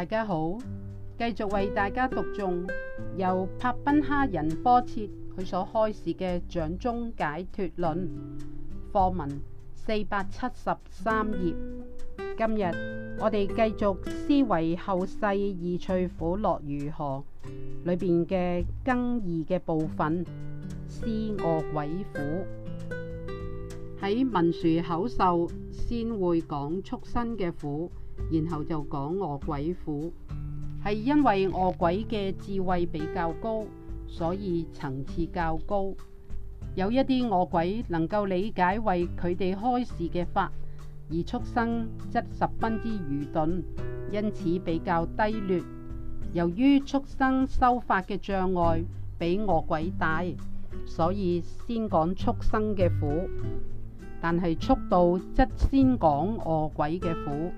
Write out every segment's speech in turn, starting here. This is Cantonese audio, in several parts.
大家好，繼續為大家讀誦由帕賓哈仁波切佢所開示嘅《掌中解脱論》課文四百七十三頁。今日我哋繼續思維後世二趣苦樂如何裏邊嘅更易嘅部分，思餓鬼苦。喺文殊口授先會講畜生嘅苦。然後就講餓鬼苦，係因為餓鬼嘅智慧比較高，所以層次較高。有一啲餓鬼能夠理解為佢哋開示嘅法，而畜生則十分之愚鈍，因此比較低劣。由於畜生修法嘅障礙比餓鬼大，所以先講畜生嘅苦，但係速度則先講餓鬼嘅苦。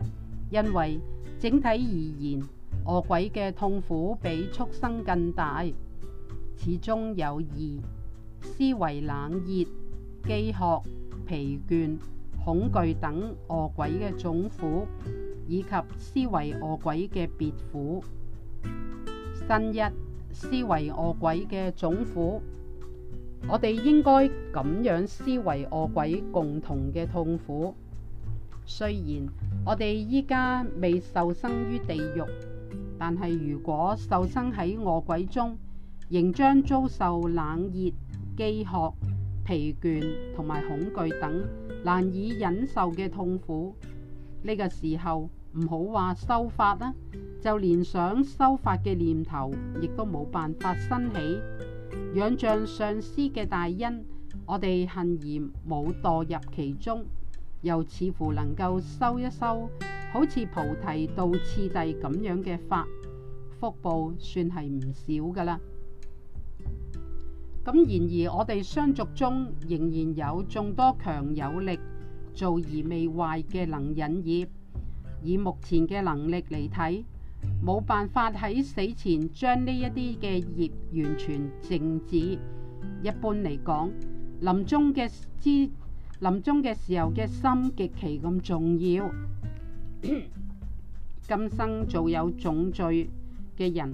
因為整體而言，餓鬼嘅痛苦比畜生更大，始終有二思維冷熱、飢渴、疲倦、恐懼等餓鬼嘅總苦，以及思維餓鬼嘅別苦。新一思維餓鬼嘅總苦，我哋應該咁樣思維餓鬼共同嘅痛苦。雖然我哋依家未受生於地獄，但係如果受生喺餓鬼中，仍將遭受冷熱、飢渴、疲倦同埋恐懼等難以忍受嘅痛苦。呢、這個時候唔好話修法啦、啊，就連想修法嘅念頭亦都冇辦法生起。仰仗上師嘅大恩，我哋幸而冇墮入其中。又似乎能夠修一修，好似菩提道次第咁樣嘅法福報，算係唔少噶啦。咁然而，我哋相續中仍然有眾多強有力，做而未壞嘅能引業，以目前嘅能力嚟睇，冇辦法喺死前將呢一啲嘅業完全靜止。一般嚟講，臨終嘅知臨終嘅時候嘅心極其咁重要，今生做有種罪嘅人，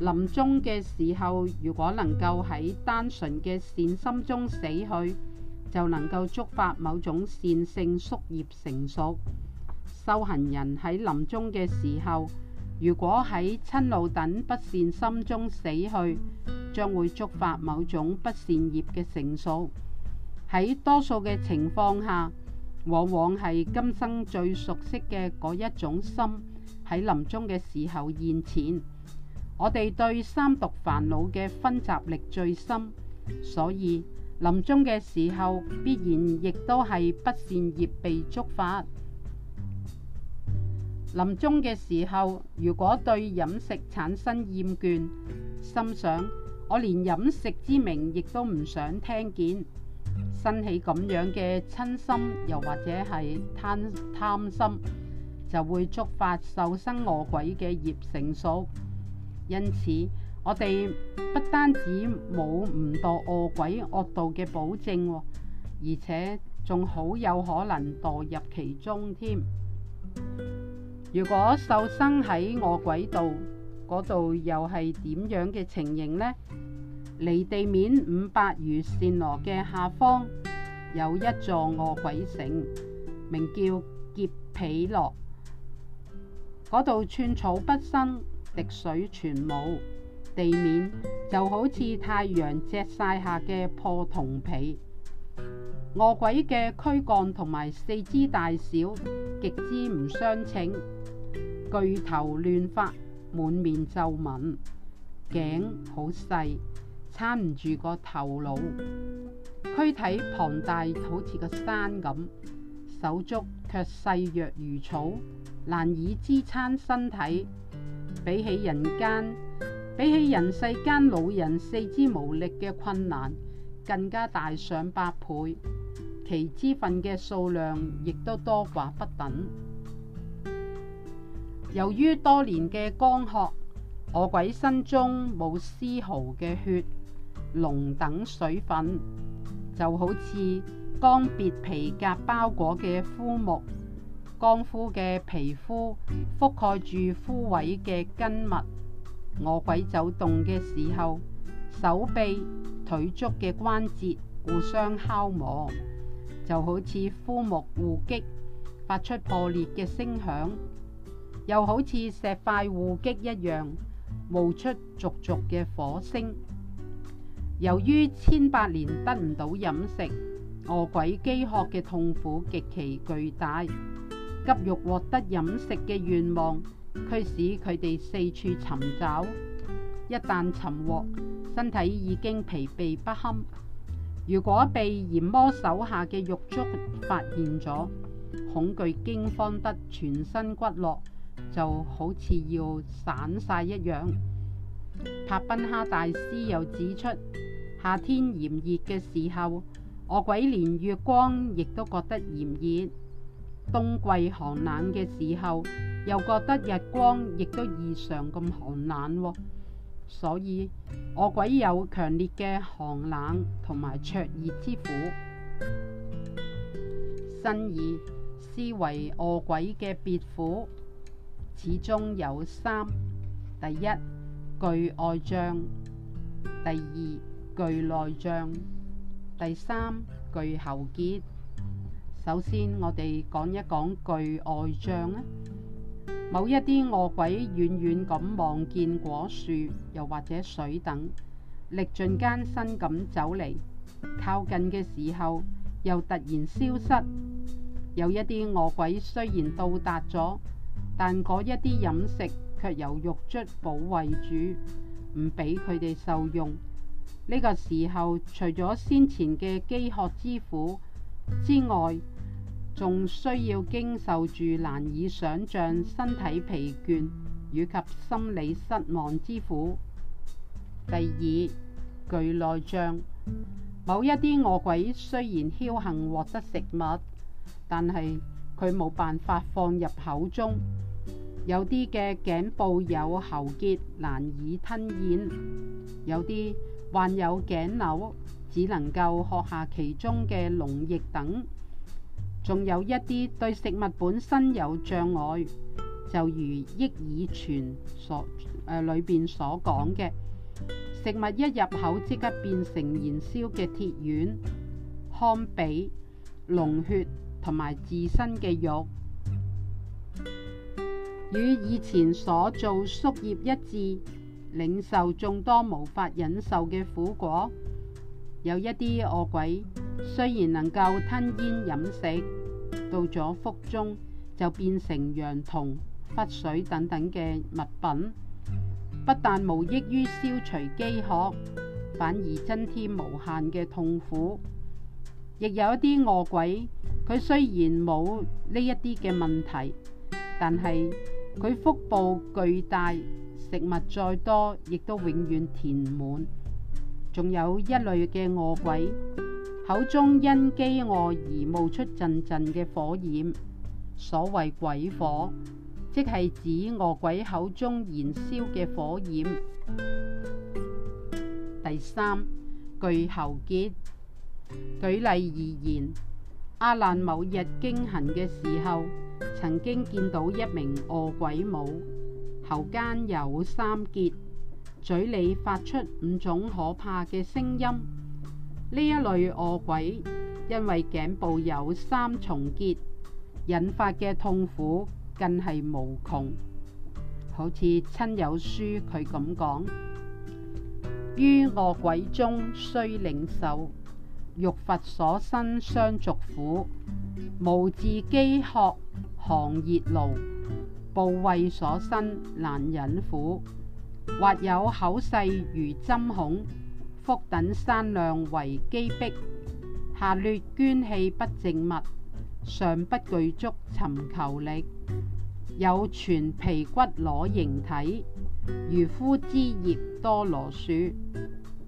臨終嘅時候如果能夠喺單純嘅善心中死去，就能夠觸發某種善性宿業成熟。修行人喺臨終嘅時候，如果喺親怒等不善心中死去，將會觸發某種不善業嘅成熟。喺多數嘅情況下，往往係今生最熟悉嘅嗰一種心，喺臨終嘅時候現前。我哋對三毒煩惱嘅分集力最深，所以臨終嘅時候必然亦都係不善業被觸發。臨終嘅時候，如果對飲食產生厭倦，心想我連飲食之名亦都唔想聽見。生起咁樣嘅親心，又或者係貪貪心，就會觸發受生餓鬼嘅業成熟。因此，我哋不單止冇唔墮餓鬼惡道嘅保證，而且仲好有可能墮入其中添。如果受生喺餓鬼道，嗰度，又係點樣嘅情形呢？離地面五百餘線羅嘅下方有一座惡鬼城，名叫劫皮羅。嗰度寸草不生，滴水全無，地面就好似太陽隻曬晒下嘅破銅皮。惡鬼嘅軀幹同埋四肢大小極之唔相稱，巨頭亂髮，滿面皺紋，頸好細。撐唔住個頭腦，軀體龐大好似個山咁，手足卻細弱如草，難以支撐身體。比起人間，比起人世間老人四肢無力嘅困難，更加大上百倍。其脂粉嘅數量亦都多寡不等。由於多年嘅乾渴，餓鬼身中冇絲毫嘅血。龍等水分就好似乾別皮革包裹嘅枯木，乾枯嘅皮膚覆蓋住枯萎嘅根脈。餓鬼走動嘅時候，手臂腿足嘅關節互相敲磨，就好似枯木互擊，發出破裂嘅聲響，又好似石塊互擊一樣，冒出續續嘅火星。由於千百年得唔到飲食，餓鬼饑渴嘅痛苦極其巨大，急欲獲得飲食嘅願望驅使佢哋四處尋找。一旦尋獲，身體已經疲憊不堪。如果被閻魔手下嘅獄卒發現咗，恐懼驚慌得全身骨落，就好似要散晒一樣。帕賓哈大師又指出，夏天炎熱嘅時候，餓鬼連月光亦都覺得炎熱；冬季寒冷嘅時候，又覺得日光亦都異常咁寒冷。所以餓鬼有強烈嘅寒冷同埋灼熱之苦，辛二，思惟餓鬼嘅別苦。始終有三，第一。具外障，第二具內障，第三具喉結。首先，我哋講一講具外障啊。某一啲餓鬼遠遠咁望見果樹，又或者水等，歷盡艱辛咁走嚟，靠近嘅時候又突然消失。有一啲餓鬼雖然到達咗，但嗰一啲飲食。卻由肉卒保衛住，唔俾佢哋受用。呢、這個時候，除咗先前嘅飢渴之苦之外，仲需要經受住難以想象身體疲倦以及心理失望之苦。第二，巨內障。某一啲餓鬼雖然僥幸獲得食物，但係佢冇辦法放入口中。有啲嘅頸部有喉結，難以吞咽；有啲患有頸瘤，只能夠喝下其中嘅膿液等；仲有一啲對食物本身有障礙，就如益耳泉所誒裏邊所講嘅，食物一入口即刻變成燃燒嘅鐵丸、漢比、膿血同埋自身嘅肉。與以前所做宿業一致，領受眾多無法忍受嘅苦果。有一啲餓鬼雖然能夠吞嚥飲食，到咗腹中就變成羊同骨水等等嘅物品，不但無益於消除飢渴，反而增添無限嘅痛苦。亦有一啲餓鬼，佢雖然冇呢一啲嘅問題，但係。佢腹部巨大，食物再多亦都永遠填滿。仲有一類嘅餓鬼，口中因飢餓而冒出陣陣嘅火焰，所謂鬼火，即係指餓鬼口中燃燒嘅火焰。第三，巨喉結。舉例而言，阿蘭某日經行嘅時候。曾經見到一名餓鬼母，喉間有三結，嘴裏發出五種可怕嘅聲音。呢一類餓鬼，因為頸部有三重結，引發嘅痛苦更係無窮。好似親友書佢咁講：於餓鬼中，須領受。肉佛所身相續苦，無智飢渴寒熱勞，怖畏所身難忍苦。或有口細如針孔，腹等山量為飢逼，下劣捐氣不淨物，尚不具足尋求力。有全皮骨裸形體，如枯枝葉多羅樹。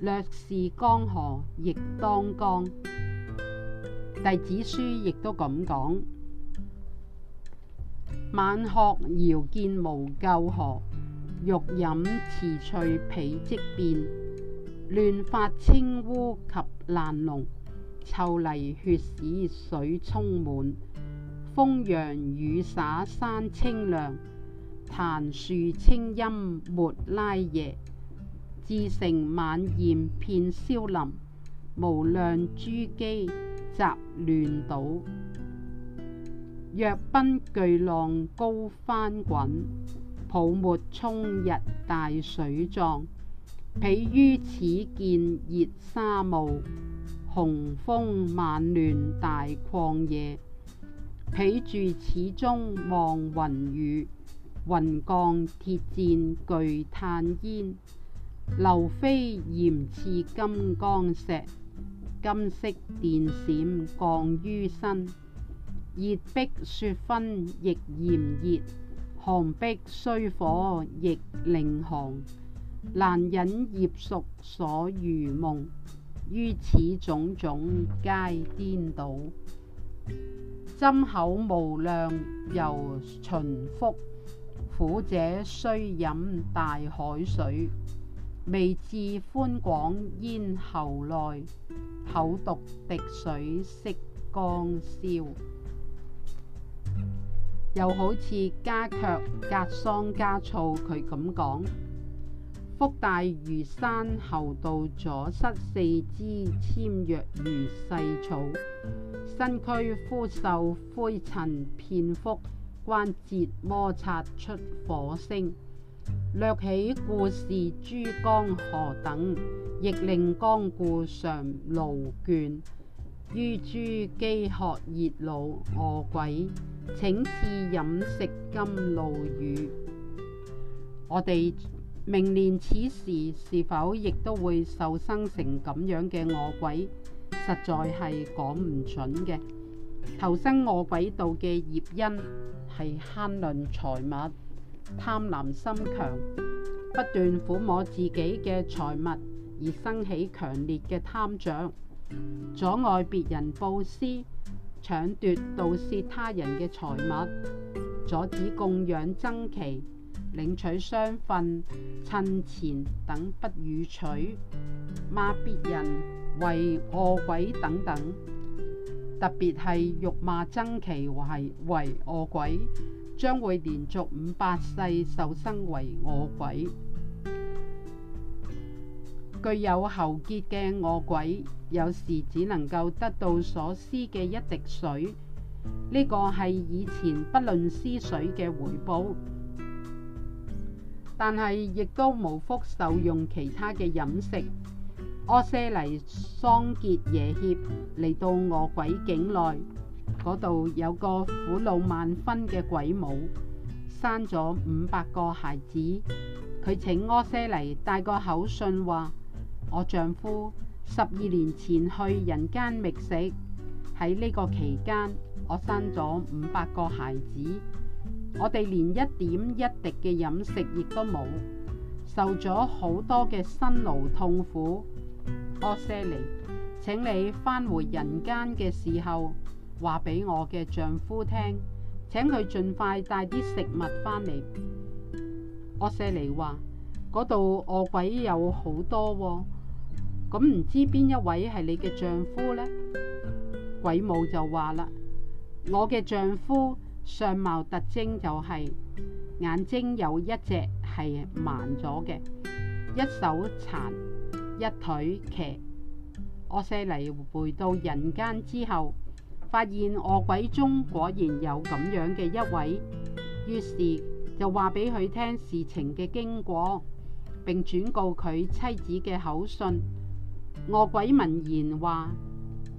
略是江河亦當江，弟子書亦都咁講。晚鶴遙見無舊河，欲飲池翠皮即變，亂髮青烏及爛龍，臭泥血屎水充滿。風揚雨灑山清涼，檀樹清陰沒拉夜。」自成晚宴，片燒林無量珠機雜亂倒，若奔巨浪高翻滾，泡沫衝日大水漲。彼於此見熱沙霧，雄風萬亂大曠野。彼住此中望雲雨，雲降鐵箭巨炭煙。流飛炎似金剛石，金色電閃降於身。熱逼雪分亦炎熱，寒逼雖火亦令寒。難忍業熟所如夢，於此種種皆顛倒。針口無量猶尋福，苦者須飲大海水。未至寬廣咽喉內，口獨滴水色光消。又好似加卻隔桑加醋，佢咁講。腹大如山，喉道阻塞，四肢纖弱如細草。身軀枯瘦，灰塵遍覆，關節摩擦出火星。略起故事，珠江河等亦令光顧常勞倦，於諸飢渴熱惱餓鬼，請賜飲食甘露雨。我哋明年此時是否亦都會受生成咁樣嘅餓鬼，實在係講唔準嘅。投生餓鬼道嘅業因係慳吝財物。貪婪心強，不斷撫摸自己嘅財物而生起強烈嘅貪著，阻礙別人布施，搶奪盜竊他人嘅財物，阻止供養增期、領取雙份趁錢等不予取，罵別人為餓鬼等等，特別係辱罵增期為為餓鬼。將會連續五百世受生為餓鬼，具有喉結嘅餓鬼，有時只能夠得到所施嘅一滴水，呢個係以前不論施水嘅回報，但係亦都無福受用其他嘅飲食。阿舍尼桑結夜協嚟到餓鬼境內。嗰度有個苦惱萬分嘅鬼母，生咗五百個孩子。佢請阿西尼帶個口信，話我丈夫十二年前去人間覓食，喺呢個期間我生咗五百個孩子，我哋連一點一滴嘅飲食亦都冇，受咗好多嘅辛勞痛苦。阿西尼，請你返回人間嘅時候，話俾我嘅丈夫聽，請佢盡快帶啲食物返嚟。我舍尼話：嗰度惡鬼有好多，哦，咁唔知邊一位係你嘅丈夫呢？鬼母就話啦：我嘅丈夫相貌特徵就係、是、眼睛有一隻係盲咗嘅，一手殘，一腿騎。我舍尼回到人間之後。發現餓鬼中果然有咁樣嘅一位，於是就話俾佢聽事情嘅經過，並轉告佢妻子嘅口信。餓鬼聞言話：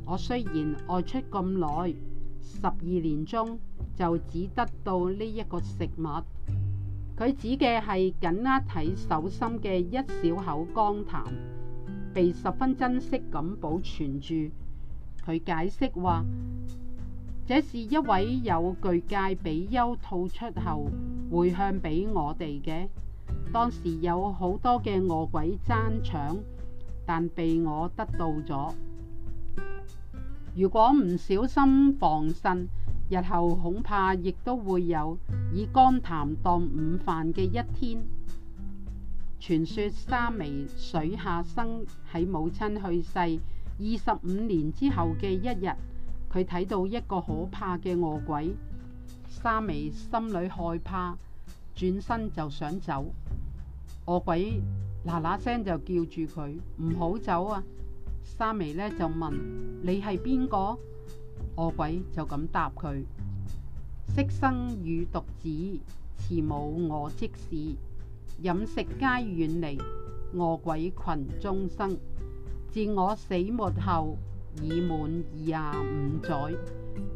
我雖然外出咁耐，十二年中就只得到呢一個食物。佢指嘅係緊握喺手心嘅一小口光痰，被十分珍惜咁保存住。佢解釋話，這是一位有巨界比丘吐出後回向俾我哋嘅。當時有好多嘅惡鬼爭搶，但被我得到咗。如果唔小心防慎，日後恐怕亦都會有以乾痰當午飯嘅一天。傳說沙彌水下生喺母親去世。二十五年之後嘅一日，佢睇到一個可怕嘅惡鬼。沙眉心裏害怕，轉身就想走。惡鬼嗱嗱聲就叫住佢唔好走啊！沙眉呢就問：你係邊個？惡鬼就咁答佢：色生與獨子，慈母我即是。飲食皆遠離，惡鬼群中生。自我死沒後已滿廿五載，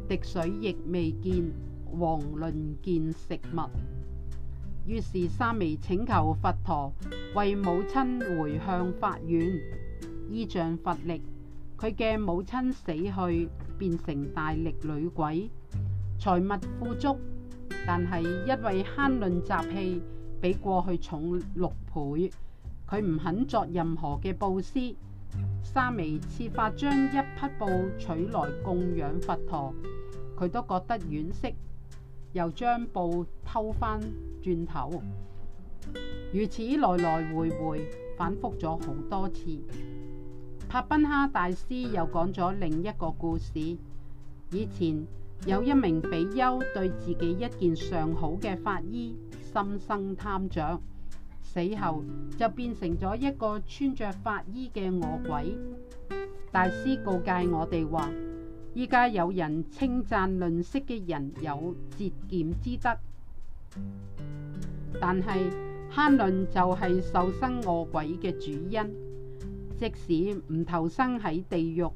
滴水亦未見王論見食物。於是沙彌請求佛陀為母親回向法院，依仗佛力，佢嘅母親死去，變成大力女鬼，財物富足，但係因為慳吝習氣，比過去重六倍，佢唔肯作任何嘅布施。沙彌設法將一匹布取來供養佛陀，佢都覺得惋惜，又將布偷返轉頭，如此來來回回，反複咗好多次。帕賓哈大師又講咗另一個故事：以前有一名比丘對自己一件上好嘅法衣，心生貪着。死後就變成咗一個穿着法衣嘅餓鬼。大師告誡我哋話：依家有人稱讚吝嗇嘅人有節儉之德，但係慳吝就係受生餓鬼嘅主因。即使唔投生喺地獄，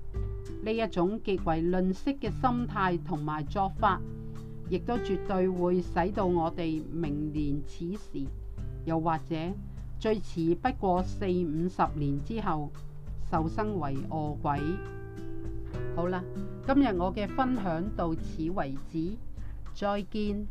呢一種極為吝嗇嘅心態同埋作法，亦都絕對會使到我哋明年此時。又或者，最遲不過四五十年之後，受生為餓鬼。好啦，今日我嘅分享到此為止，再見。